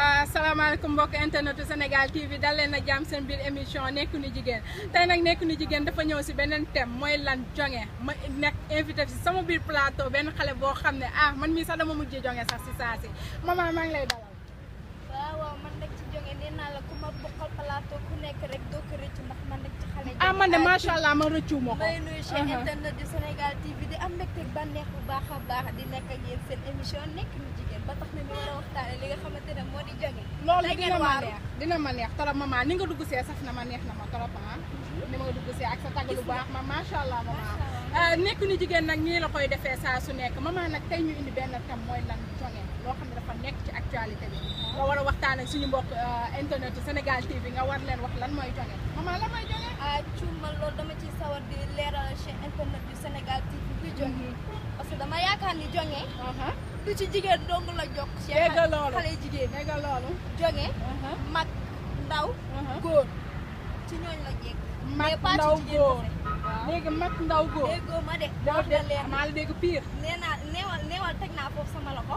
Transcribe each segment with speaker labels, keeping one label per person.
Speaker 1: Euh, salaamaaleykum mbokk internetu Sénégal TV dal na a seen biir émission nekku nu jigéen tey nag nekku nu jigéen dafa ñëw si beneen thème mooy lan jonge ma nekk invité si sama biir plateau benn xale boo xam ne ah man mii sax dama mujj jonge sax si saa
Speaker 2: si maman maa lay dalal. waaw waaw man nag ci jonge nee la ku ma bokkal plateau ku nekk rek doo ko rëccu ndax man nag ci xale. ah man de macha allah ma rëccu
Speaker 1: ma ko.
Speaker 2: am mbégte bu baax a di nekk ak yéen seen émission nekk ñu jigéen a loolu dina ma neex
Speaker 1: dina ma neex ni nga dugg see saf na ma neex na ma trop ah ni ma dugg see ak sa tagg lu baax ma macha allah maman eh, nekk ñu jigéen nag ñii la koy defee saa su nekk maman nag tey ñu indi benn tam mooy lan joge loo xam ne dafa nekk ci actualité bi nga war a waxtaan ak suñu mbokk euh, internet Sénégal TV nga war leen
Speaker 2: wax lan mooy joŋe maman lan mooy joŋe. ah man loolu dama ciy sawar di leeral ci internet yu Sénégal TV bi joŋe mhm. parce que dama yaakaar ni joŋe. Uh-huh. du ci jigéen dong la jokk. ci xale jigéen dégg loolu joŋe. Uh-huh. mag ndaw uh-huh. góor ci ñooñ la mag ndaw góor léegi mag ndaw góor. déggoo
Speaker 1: ma de. daaw de maa
Speaker 2: la neewal neewal teg naa sama loxo.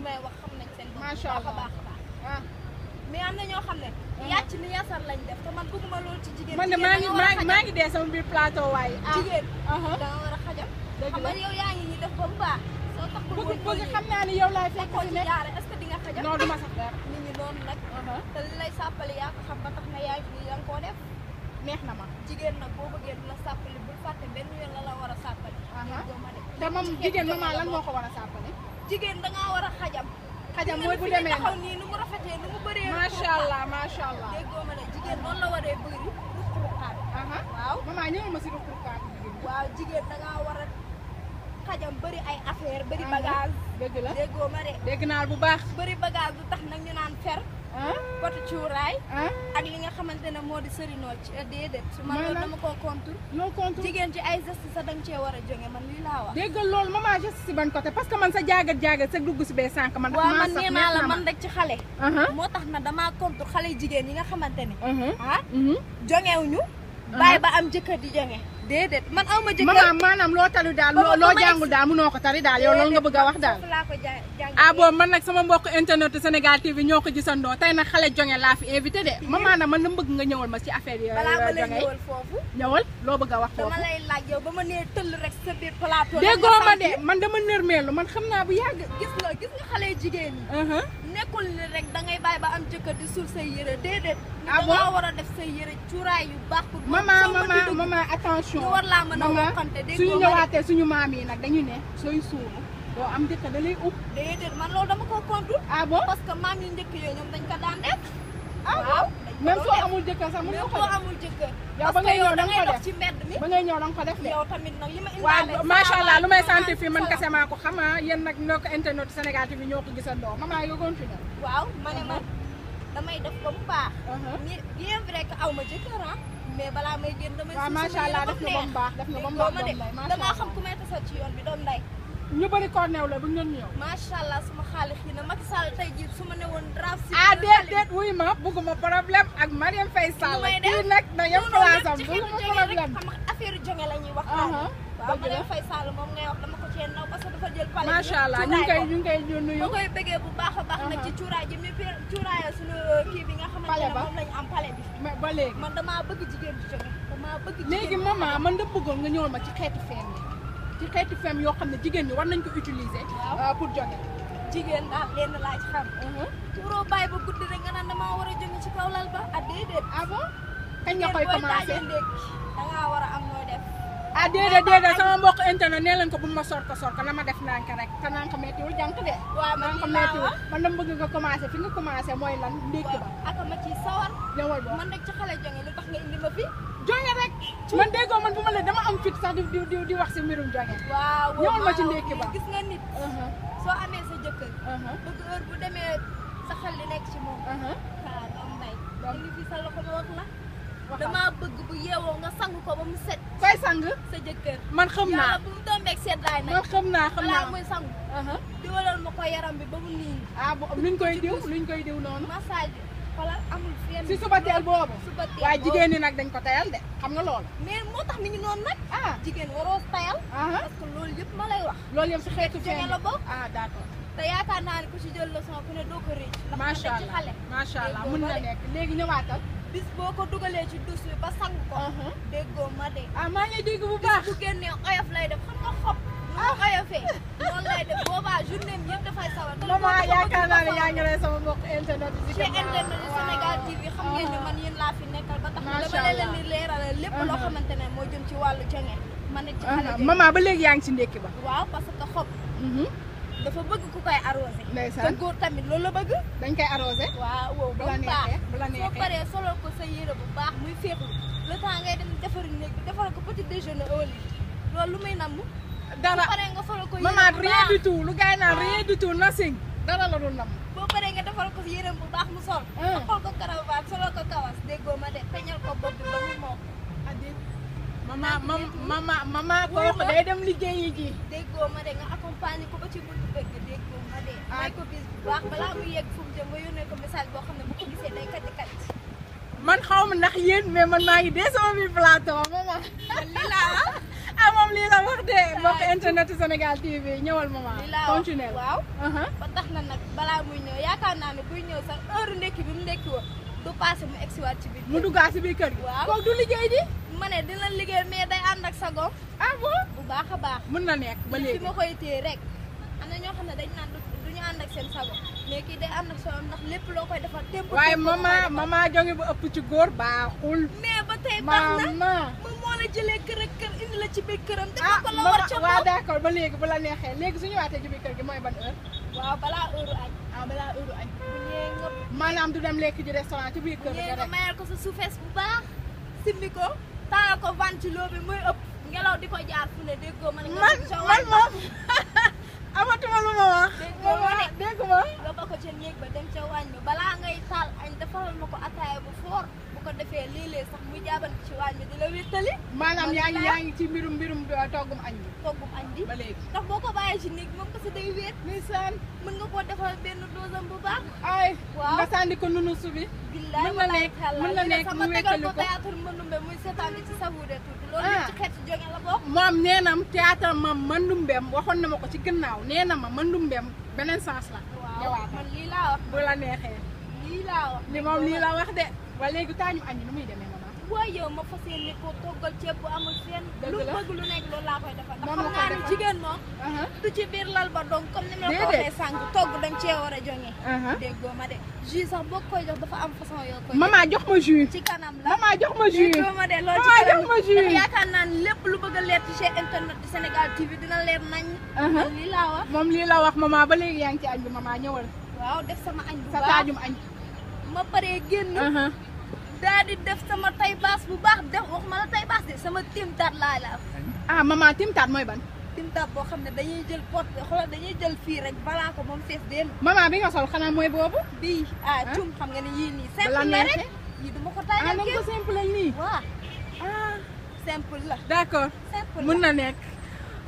Speaker 2: ñi may wax a ah. mais am na ñoo xam ne. Ah. yàcc ni yasar lañ def te man bëgguma loolu ci jigéen. man de maa
Speaker 1: ngi dee sama biir plateau waaye. Ah. jigéen da
Speaker 2: ne ma jigéen nag boo bëggee la sàppali bul fàtte benn yoon la la war a sàppali. te moom jigéen normal lan moo ko war a sàppali jigéen da war a xajam. xajam mooy bu demee taxaw nii nu allah macha allah déggoo ma ne jigéen noonu la waree bëri ruqruqaat. waaw maman ñëwal ma si ruqruqaat jigéen. waaw jigéen da war a xajam bëri ay affaire bëri bagage. dëgg la déggoo ma de. dégg naa bu baax. bëri bagage du tax nag ñu naan fer. potu cuuraay ak li nga xamante ne moo di sërinoo ci eh, déedéet man loolu dama koo contour loo jigéen ci ay geste sa danga cee war a jóge man lii laa wax déggal loolu
Speaker 1: maman geste si ban côté parce que man sa jaagat jaagat sa dugg si bee sànq man waaw man nee naa man
Speaker 2: rek ci xale uh-huh. moo tax na damaa contour xale jigéen yi nga xamante ne uh-huh. ah uh-huh. jongewuñu bàyyi ba am jëkkër di jonge déedéet man aw ma jëkkër maanaam maanaam loo tali daal loo jàngul daal
Speaker 1: mënoo ko tari daal yow loolu nga bëgg a wax daal ah boobu man nag sama mbokk internet Sénégal TV ñoo ko gisandoo tey nag xale jonge laa fi invité de ma maanaam man la bëgg nga ñëwal ma ci affaire yi jonge
Speaker 2: ñëwal loo bëgg a wax foofu dama lay laaj yow ba ma nee tëll rek sa biir plateau déggoo ma de
Speaker 1: man dama nërmeelu man xam naa bu yàgg gis
Speaker 2: nga gis nga xale jigéen
Speaker 1: yi
Speaker 2: nekkul ni rek da ngay ba am jëkkër di suul say yëre déedéet. ah bon war a def say yére cuuraay yu baax. pour maman maman maman attention war laa a suñu ñëwaatee suñu
Speaker 1: maam yi nag dañu ne sooy suuru doo am jëkkër da lay ub. déedéet man loolu dama ko kontu. ah bon
Speaker 2: maam yi njëkk yooyu ñoom dañ ko daan def. Ah
Speaker 1: même soo amul jëkkër sax mën nga ko amul
Speaker 2: jëkkër parce que yow da ngay dox ci mbedd ba ngay ñëw da nga ko def yow tamit nag macha allah lu may sant fii man kese maa ko
Speaker 1: xam yéen nag ñoo ko internet Sénégal TV ñoo ko gisandoo maman nga continuer
Speaker 2: waaw ma ne man damay def ko bu baax uh-huh. bien vrai que aw ma jëkkër ah mais balaa may génn damay waaw macha allah def na ba mu baax def na ba mu baax damaa xam ku may tasal ci yoon bi doom nday
Speaker 1: ñu bëri Cornew la bu ñu doon ñëw.
Speaker 2: allah suma xaalis yi nag Macky Sall tey jii su ma ne woon draft. si ah déedéet
Speaker 1: wuy ma bugguma problème ak Marième Faye Sall. kii nag na yem
Speaker 2: affaire jonge la ñuy wax. moom ngay wax dama ko cee naw parce dafa jël. palais macha allah ñu ngi koy ñu ngi koy ñu nuyu. koy bëggee bu baax a baax nag ci cuuraay ji mi cuuraayal suñu kii bi nga xamante ne moom lañu am palais man damaa bëgg jigéen jonge damaa bëgg jigéen léegi maman
Speaker 1: man ma ci xeetu ci xeeti
Speaker 2: fem yoo xam ne jigéen ñi war nañ ko utiliser. Euh, pour jóge. jigéen daal lenn laa ci xam. waroo mhm. bàyyi ba guddi rek nga naan damaa war a jóge ci kaw lal ba ah déedéet. ah kañ nga koy commencé da war a am nooy def. ah déedéet déedéet sama mbokk
Speaker 1: internet nee leen ko bu ma sorko sorko na ma def ndànk rek te naa ko méttiwul jant de. waaw man ko méttiwul man bëgg nga commencé fi nga commencé mooy lan ndékki ba. ak ma ci sawar. ñëwal ba man rek ci xale
Speaker 2: jonge lu tax nga indi ma fi. jonge rek.
Speaker 1: man déggoo man bu ma la dama am fit sax di di wax si mbirum jonge.
Speaker 2: waaw ma ci ndékki ba uh-huh. soo amee sa jëkkër. Uh-huh. bëgg heure bu demee sa xel li nekk ci moom. Uh-huh. waaw am mbay. donc fi sa loxo ma wax la. damaa bëgg bu yeewoo nga sang ko ba mu set. koy sang sa jëkkër. man xam naa bu mu tombeeg seddaay nag. man xam naa xam naa balaa muy uh-huh. yaram bi ba mu nii. ah koy diw luñ koy diw noonu. massage xoolal amul fenn. si suba teel jigéen ñi nag dañ ko tayal de xam nga loolu. mais tax ni ñu noonu nag. ah jigéen uh-huh. loolu yëpp si xeetu feeñ ah, naa ne ku ci jël leçon na nekk léegi ñëwaatal bis boo ko dugalee ci douche bi ba sang ko. Uh-huh. déggoo ma de. ah maa dégg bu baax bu génnee oyof lay def xam nga xob. ah oyofee noonu lay def boobaa journée bi yëpp sawar. maman yaakaar Sénégal TV xam ngeen ne man yéen laa fi nekkal ba tax dama leen di leeralal lépp loo uh-huh. xamante ne moo jëm ci wàllu jonge. ma nekk ci xale uh-huh. maman ba léegi yaa ngi ci ndékki ba. waaw parce que xob. Mm-hmm. dafa bëgg ku koy arrosé. tamit loolu la bëgg. dañ koy arrosé. waaw wow bu la bu la neexee soo sa yére bu baax muy féexlu le temps ngay dem defari néeg bi defal ko petit déjeuner au lit loolu lu may namm. dara su paree nga solal ko yére bu baax
Speaker 1: lu gars yi ah.
Speaker 2: dara la dul namm. boo nga defal ko yére bu baax mu sol. Ah. xool ko caravane solal ko kawas déggoo ma de peñal ko bopp bi moom. mama mama mama kooku day
Speaker 1: dem liggéeyi ji.
Speaker 2: déggoo ma de nga accompagner ko ba ci buntu bëgg déggoo ma de. Ah. may ko bis bu baax balaa muy yegg fu mu jëm nga yónnee ko message boo xam ne bu ko gisee day kat kat.
Speaker 1: man xaw ma ndax yéen mais man maa ngi dee sama biir plateau
Speaker 2: mama. lii la ah moom lii la wax de mbokk internet
Speaker 1: Sénégal TV ñëwal mama. lii la continuer waaw. Uh-huh.
Speaker 2: ba tax na nag balaa muy ñëw yaakaar naa ne buy ñëw sax heure ndekki bi mu ndekki woon du passé mu egg si waat ci biir. mu duggaat
Speaker 1: si biir kër gi. waaw kooku du liggéey ji.
Speaker 2: mané di dina liggéey mais day and ak sa gom. ah bo bu baax baax. mën na nek ba léegi fi ma koy téré rek. amna ño xamné dañ nan duñu and ànd ak seen sago mais ki day and ak sa ndax lepp lo koy defal temp waye mama mama
Speaker 1: jongi bu upp ci gor baaxul.
Speaker 2: mais ba tay baax mo moom la jëlee kër ak kër indi la ci bi këram. dafa ah, ko la war ci wa d'accord
Speaker 1: ba léegi bu la nexé léegi suñu waté ci bi kër gi moy ban heure.
Speaker 2: wa bala heure añ.
Speaker 1: ah bala heure añ.
Speaker 2: manam du dem lek ci restaurant ci bi kër gi rek. mayal ko sa suufees bu baax simmi ko. taal ko ventilo bi muy ëpp ngelaw di ko jaar fu ne déggoo ma ne. man man moom amatuma lu wax. dégg ma. nga ba ko ca néeg ba dem ca waañ ba balaa ngay taal añ defaral ma ko ataaya bu foor bu ko defee léeg-léeg sax muy jaaban ci waañ bi di la wéttali. maanaam yaa ngi yaa ngi ci mbirum mbirum toggum añ bi. toggum añ bi ba léegi. boo ko bàyyee ci néeg moom parce que day wéet. ndeysaan mën nga koo defaral benn dosam bu baax. ay waaw nga sànni ko nunu subi. mën na nekk mën na nekk mu wékkali ko moom
Speaker 1: ah. nee na théâtre ma Mandoumbem waxoon na ma ko ci gannaaw nee na ma Mandoumbem beneen sens la.
Speaker 2: waaw man lii laa bu la neexee. lii laa wax li moom lii la wax
Speaker 1: de. wala léegi taa ñu aññi nu muy demee. waaye
Speaker 2: yow ma fas yéene ko toggal ceeb bu amul fenn. lu bëgg lu nekk loolu laa koy defal. ndax xam naa ne jigéen moom. Uh-huh. du ci biir lal ba donc comme ni ma la ko waxee sànq togg dañ cee war a joŋee. Uh-huh. déggoo ma de jus sax boo koy jox dafa am façon yoo koy. maman jox ma jus ci kanam la maman jox ma jus déggoo ma de loolu ci kanam ma jus yaakaar naa ne lépp lu bëgg a leer ci chaîne internet du Sénégal TV dina leer nañ. Uh-huh. lii laa wax moom lii la wax maman ba léegi yaa ngi ci añ bi maman ñëwal. waaw def sama añ bu baax sa taajum añ ma paree génn. daa di def sama tay baas bu baax def waxuma la tay baas de sama timtaat laa la ah maman timtaat mooy ban. timtaat boo xam ne dañuy jël pot xoolal dañuy jël fii rek balaa ko moom fees deen.
Speaker 1: maman bi nga sol xanaa mooy
Speaker 2: boobu. bii ah, ah. cum xam nga ne yii nii. simple la rek yii duma ko taajal ah ko ah simple la. d'accord simple la mun na nekk.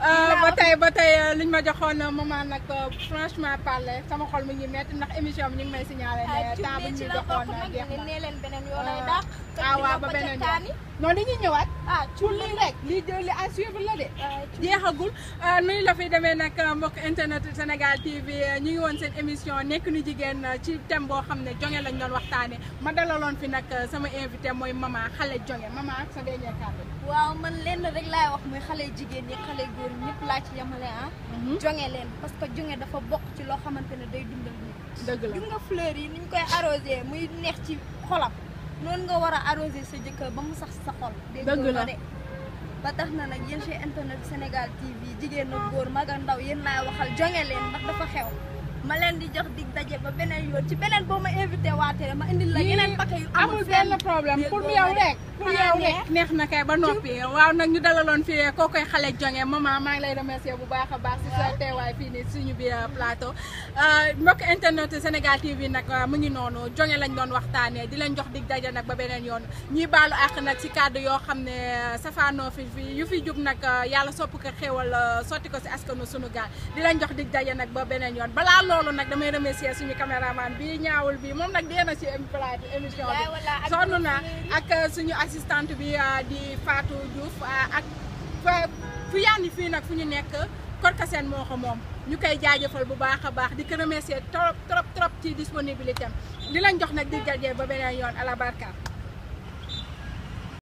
Speaker 2: Euh, ba
Speaker 1: tey ba tey euh, liñ ma joxoon ma euh, maman nag franchement parler sama xol mi ngi metti ndax émission bi ñu ngi may signalé ne ah, temps bi ñu joxoon jeex
Speaker 2: na ah waaw ba beneen yoon
Speaker 1: noonu dañuy ñëwaat ah, ah ci lii rek lii jël li à suivre la de ah, jeexagul ah, nuy la fi demee nag mbokk internet Sénégal TV ñu ngi woon seen émission nekk nu jigéen ci thème boo xam ne jonge lañ doon waxtaane ma dalaloon fi nag uh, sama invité mooy mama xale
Speaker 2: jonge mama ak sa dernier kàddu waaw man lenn rek laay wax muy xale jigéen ñi xale laa ci yemale ah mhm. jonge leen parce que jonge dafa bokk ci loo xamante ne day dundal nit dëgg la gis fleur yi ni ñu koy arrosé muy neex ci xolam noonu nga war a arrosé sa jëkkër ba mu sax sa xol. dëgg la de ba tax na nag yéen chez internet Sénégal TV jigéen na góor mag a ndaw yéen naa waxal jonge leen ndax dafa xew. ma leen di jox dig daje ba beneen yoon ci beneen boo ma invité waatee ma indil la yeneen paquet yu amul benn problème pour yow rek pour yow rek
Speaker 1: neex na kay ba noppi waaw nag ñu dalaloon fii koo koy xale jonge maman maa ngi lay remercier bu baax a baax si sa teewaay fii nii suñu bi euh, plateau euh, mbokk internet Sénégal TV nag euh, mu ngi noonu jonge lañ doon waxtaanee di leen jox dig daje nag ba beneen yoon ñuy baalu àq nag si kàddu yoo xam ne safaanoo fi fi yu fi jub nag yàlla sopp ko xéewal sotti ko si askanu sunu gaal di leen jox dig daje nag ba beneen yoon balaa loolu nag damay remercier suñu caméraman bi ñaawul bi moom nag dee na ci plateau émission bi sonn na ak euh, suñu assistant bi euh, di Fatou Diouf euh, ak fu yaani fii nag fu ñu nekk Korkasen moo ko moom ñu koy jaajëfal bu baax a baax di ko remercier trop trop trop ci disponibilité am di jox nag di jajee ba beneen yoon à